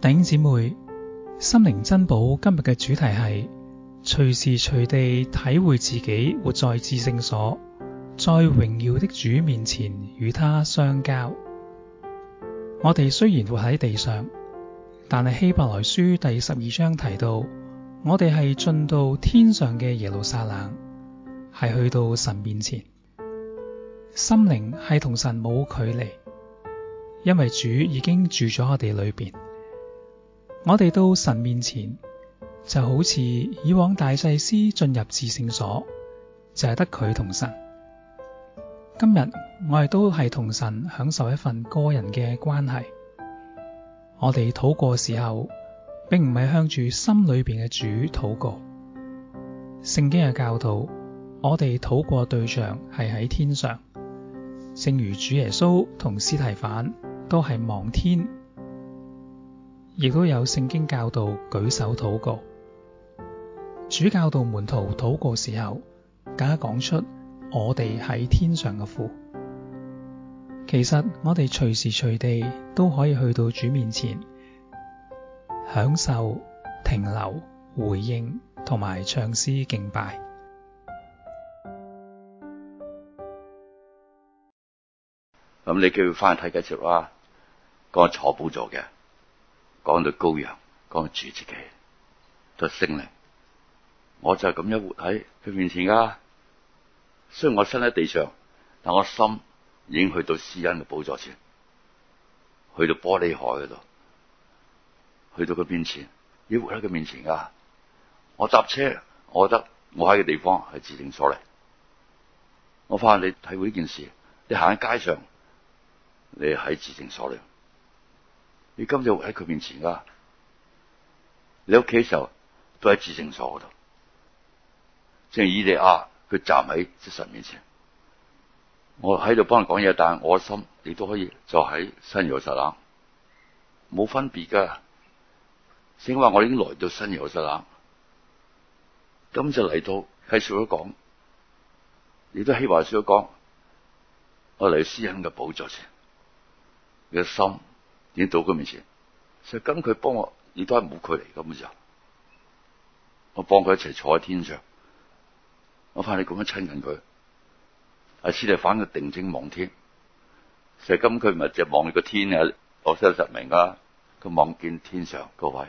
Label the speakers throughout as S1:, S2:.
S1: 弟姊妹，心靈珍寶今日嘅主題係隨時隨地體會自己活在至聖所，在榮耀的主面前與祂相交。我哋雖然活喺地上，但係希伯來書第十二章提到，我哋係進到天上嘅耶路撒冷，係去到神面前。心靈係同神冇距離，因為主已經住咗我哋裏邊。我哋到神面前就好似以往大祭司進入至聖所，就係得佢同神。今日我哋都係同神享受一份個人嘅關係。我哋禱告時候，並唔係向住心裏邊嘅主禱告。聖經嘅教導，我哋禱告對象係喺天上，正如主耶穌同司提反都係望天。亦都有聖經教導舉手禱告，主教導門徒禱告時候，更加講出我哋喺天上嘅父。其實我哋隨時隨地都可以去到主面前，享受停留、回應同埋唱詩敬拜。
S2: 咁你叫佢翻去睇幾集啦，嗰個坐寶座嘅。講到羔羊，講住自己都係聖靈，我就係咁樣活喺佢面前噶。雖然我身喺地上，但我心已經去到施恩嘅寶座前，去到玻璃海嗰度，去到佢面前，要活喺佢面前噶。我搭車，我覺得我喺嘅地方係至聖所嚟。我翻去你睇會呢件事，你行喺街上，你喺至聖所裏。你今日活喺佢面前噶，你屋企嘅時候都喺至聖所嗰度，正如以利亞佢站喺神面前，我喺度幫人講嘢，但係我心你都可以就喺新耶路撒冷，冇分別噶。正話我已經來到新耶路撒冷，今次嚟到喺小一講，你都希望小一講，我嚟施恩嘅寶座前嘅心。已經到佢面前，石金佢幫我，亦都係冇佢離根本就，我幫佢一齊坐喺天上。我怕你咁樣親近佢，阿師就反佢定睛望天。石金佢咪就望你個天啊！我心有實明噶，佢望見天上各位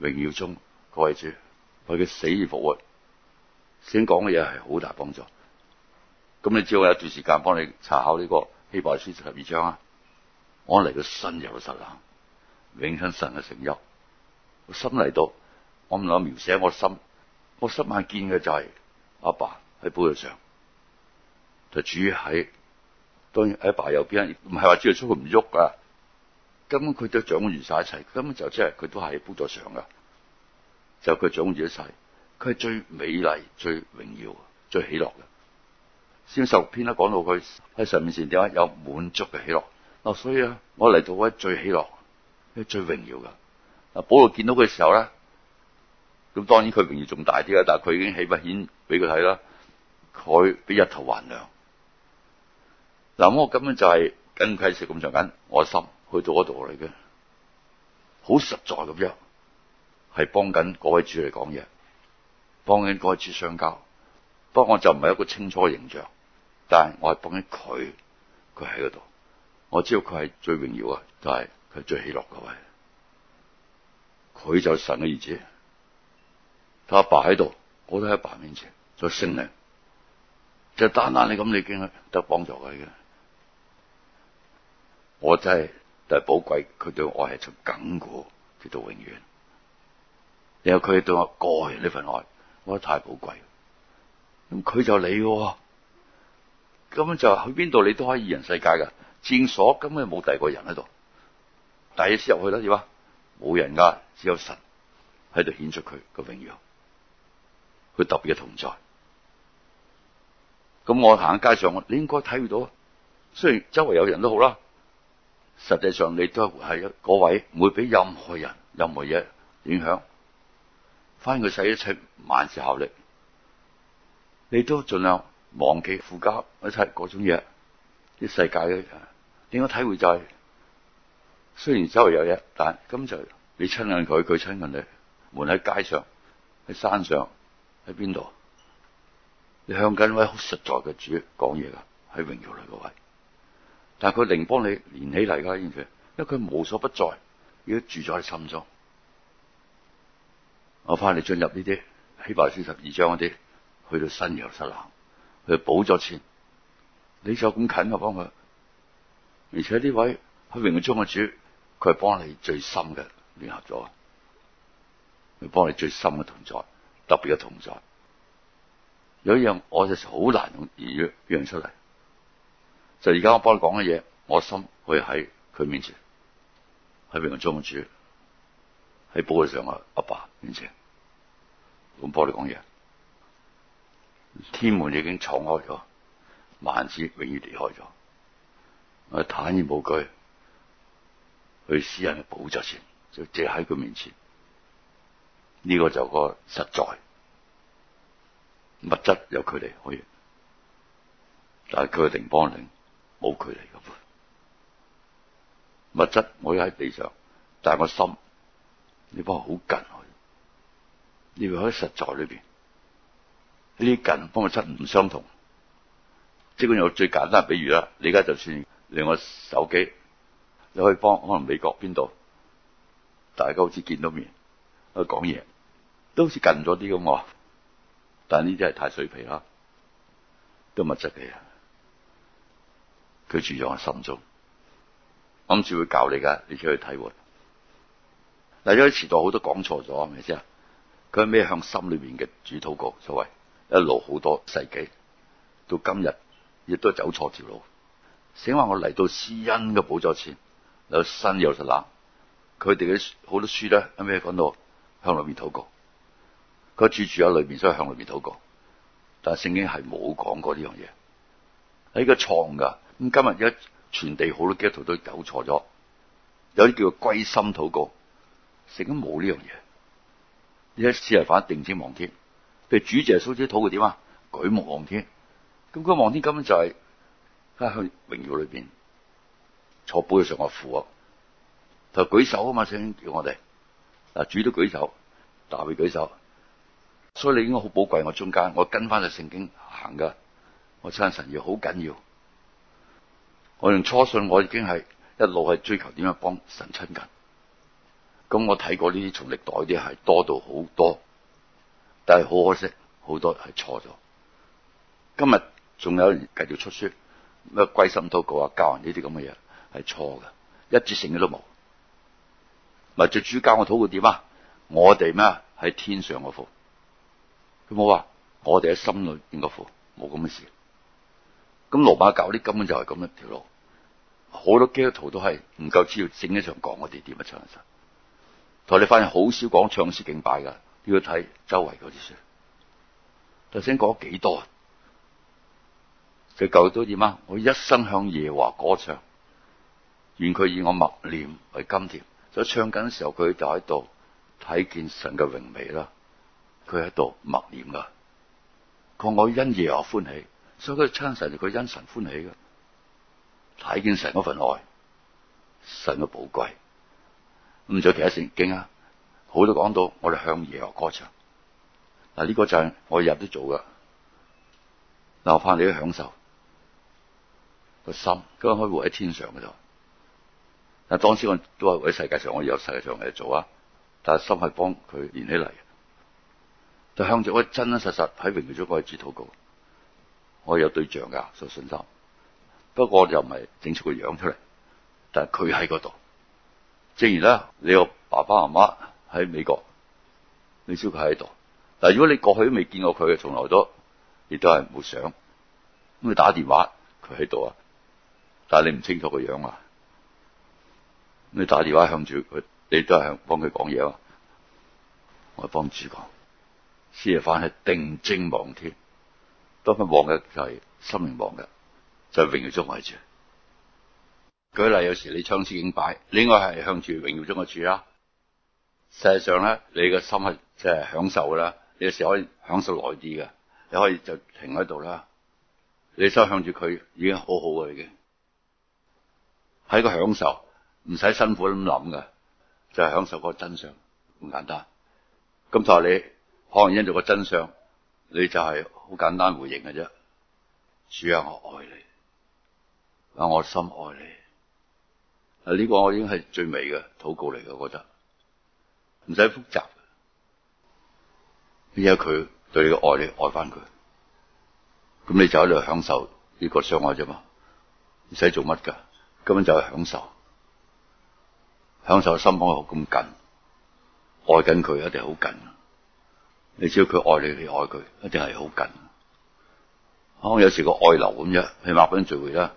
S2: 榮耀中各位主為佢死而復活，先講嘅嘢係好大幫助。咁你只要有段時間幫你查考呢、這個希伯來書十二章啊！我嚟到新有實感，永生神嘅城邑個心嚟到，我唔能描寫我心。我心眼見嘅就係阿爸喺寶座上，就主喺當然喺爸,爸右邊，唔係話主係出去唔喐噶。根本佢都掌控住晒一切，根本就即係佢都係寶座上噶，就佢掌控住一切，佢係最美麗、最榮耀、最喜樂嘅。詩十六篇咧講到佢喺上面前點解有滿足嘅喜樂。嗱，所以啊，我嚟到嗰最喜樂、最榮耀嘅。嗱，保羅見到佢嘅時候咧，咁當然佢榮耀仲大啲啦，但係佢已經起不顯俾佢睇啦。佢比日頭還亮。嗱，我根本就係跟佢食咁長緊，我心去到嗰度嚟嘅，好實在咁樣，係幫緊嗰位主嚟講嘢，幫緊嗰位主相交。不過我就唔係一個清楚嘅形象，但係我係幫緊佢，佢喺嗰度。我知道佢係最榮耀啊，就係佢最喜樂個位，佢就神嘅意志，佢阿爸喺度，我都喺阿爸面前，就聖靈，就單、是、單你咁，你已經得幫助佢嘅。我真、就、係、是，但係寶貴，佢對,對我愛係從緊固直到永遠。然後佢對我個人呢份愛，我覺得太寶貴。咁佢就你、哦，咁就去邊度你都可以二人世界噶。聖所根本冇第二個人喺度，第一次入去啦，是吧？冇人噶，只有神喺度顯出佢個榮耀，佢特別嘅同在。咁我行喺街上，你應該睇到，雖然周圍有人都好啦，實際上你都係嗰位，唔會俾任何人、任何嘢影響。翻個世一切萬事效力，你都盡量忘記附加一切嗰種嘢，啲世界點解體會就係，雖然周圍有嘢，但咁就你親近佢，佢親近你。門喺街上，喺山上，喺邊度？你向緊位好實在嘅主講嘢噶，喺榮耀裏個位。但係佢仍幫你連起嚟噶，完全，因為佢無所不在，而住咗喺心中。我翻嚟進入呢啲希伯來書十二章嗰啲，去到新約錫安，佢寶座前。你就咁近幫，我幫佢。而且呢位喺榮耀中嘅主，佢係幫你最深嘅聯合咗，佢幫你最深嘅同在，特別嘅同在。有一樣我就好難用言語描述出嚟，就而家我幫你講嘅嘢，我心會喺佢面前，喺榮耀中嘅主，喺寶座上嘅阿爸，爸面前，我幫你講嘢。天門已經敞開咗，幔子永遠離開咗。我坦然無懼，去施恩嘅寶座前，就借喺佢面前。呢、這個就個實在物質有距離可以，但係佢嘅靈方面冇距離咁。物質我喺地上，但係我心，你幫我好近，你喺實在裏邊呢啲近幫我質唔相同。即管有用最簡單嘅比喻啦，你而家就算。另外手機，你可以幫可能美國邊度，大家好似見到面，去講嘢，都好似近咗啲咁喎。但係呢啲係太水皮啦，都物質嘅。佢住在我心中，諗住會教你噶，你出去體會。嗱，因為時代好多講錯咗，係咪先？佢係咩向心裏面嘅主禱告，所謂一路好多世紀，到今日亦都走錯條路。成話我嚟到施恩嘅寶座前，有新有實冷，佢哋嘅好多書咧，咁咩講到向裏面禱告，佢住住喺裏面，所以向裏面禱告。但聖經係冇講過呢樣嘢，係呢個創噶。咁今日而家全地好多基督徒都搞錯咗，有啲叫做歸心禱告，聖經冇呢樣嘢。呢一次係反定睛望天，譬如主耶穌點禱告點啊，舉目望天。咁個望天根本就係、是。喺榮耀裏邊坐背上我父，就舉手啊嘛！聖經叫我哋嗱主都舉手，大衛舉手，所以你應該好寶貴。我中間我跟翻就聖經行噶，我親神要好緊要。我用初信我已經係一路係追求點樣幫神親近，咁我睇過呢啲從歷代啲係多到好多，但係好可惜好多係錯咗。今日仲有人繼續出書。咩歸心都告啊教人呢啲咁嘅嘢係錯嘅，一節成嘅都冇。咪最主教我禱告點啊？我哋咩喺天上嘅父，佢冇話我哋喺心裏邊嘅父，冇咁嘅事。咁羅馬教啲根本就係咁一條路，好多基督徒都係唔夠資料整一場講我哋點啊唱神。但同你發現好少講唱詩敬拜噶，要睇周圍嗰啲書。頭先講咗幾多啊？佢舊都點啊？我一生向耶和華歌唱，願佢以我默念為甘甜。所以唱緊嘅時候，佢就喺度睇見神嘅榮美啦。佢喺度默念噶，佢我因耶和華歡喜，所以佢親神佢因神歡喜噶。睇見神嗰份愛，神嘅寶貴。咁仲有其他聖經啊？好多講到我哋向耶和華歌唱。嗱，呢個就係我日日都做噶。留翻你去享受。個心，今日可以活喺天上嘅就，但當時我都係活喺世界上，我有世界上嘅做啊。但係心係幫佢連起嚟，嘅。就向著我真真實實喺榮耀中，我係主禱告，我有對象㗎，信信心。不過又唔係整出個樣出嚟，但係佢喺嗰度。正如咧，你有爸爸媽媽喺美國，你知佢喺度。但係如果你過去都未見過佢，從來都，亦都係冇想。咁你打電話，佢喺度啊！但係你唔清楚個樣啊！你打電話向住佢，你都係幫佢講嘢喎。我幫主講，師夜反係定睛望天，多份望嘅就係、是、心靈望嘅，就係、是、榮耀中嘅主。舉例有時你槍支影擺，你應該係向住榮耀中嘅主啦。實際上咧，你個心係即係享受噶啦，你有時可以享受耐啲嘅，你可以就停喺度啦。你心向住佢已經好好嘅，已經。係個享受，唔使辛苦咁諗噶，就係、是、享受個真相咁簡單。咁就話你可能因為個真相，你就係好簡單回應嘅啫。主啊，我愛你，啊，我心愛你。啊、這、呢個我已經係最美嘅禱告嚟嘅，我覺得唔使複雜。因為佢對你嘅愛你愛翻佢，咁你就喺度享受呢個相愛啫嘛，唔使做乜噶。根本就係享受，享受心幫佢咁緊，愛緊佢一定好緊。你只要佢愛你，你愛佢一定係好緊。可能有時個愛流咁啫，譬如麥粉聚會啦，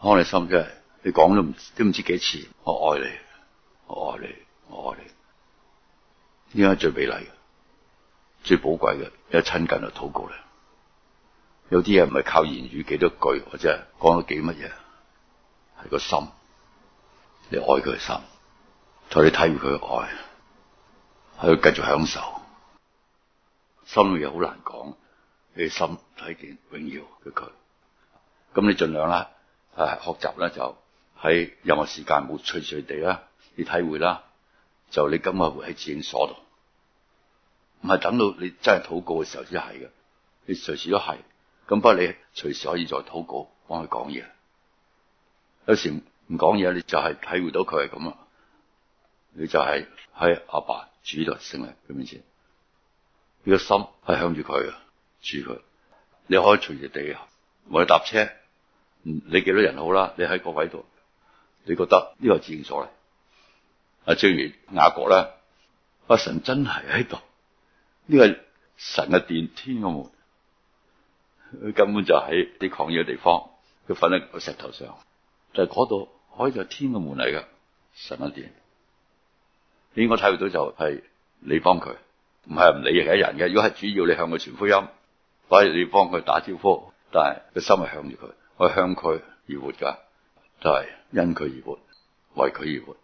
S2: 可能你心真係，你講都唔都唔知幾次，我愛你，我愛你，我愛你，應該最美麗嘅，最寶貴嘅，一親近嚟禱告咧，有啲嘢唔係靠言語幾多句，或者係講咗幾乜嘢。個心，你愛佢嘅心，同你體會佢嘅愛，喺度繼續享受。心裏又好難講，你心睇見榮耀嘅佢。咁你盡量啦，啊，學習啦，就喺任何時間冇脆脆地啦，你體會啦，就你今日活喺至聖所度，唔係等到你真係禱告嘅時候先係嘅，你隨時都係。咁不過，你隨時可以再禱告，幫佢講嘢。有時唔講嘢，你就係體會到佢係咁啊！你就係喺阿爸，爸主度勝利，佢面前，先？呢個心係向住佢啊，住佢。你可以隨時隨地，或者搭車，你幾多人好啦？你喺個位度，你覺得呢個係至聖所嚟？啊，正如雅各咧，阿神真係喺度。呢個神嘅殿，天嘅門，根本就喺啲曠野嘅地方，佢瞓喺個石頭上。就係度可以就係天嘅門嚟噶神一點你應該睇到就係你幫佢，唔係唔理係一人嘅。如果係主要你向佢傳福音，或者你幫佢打招呼，但係個心係向住佢，我向佢而活㗎，就係因佢而活，為佢而活。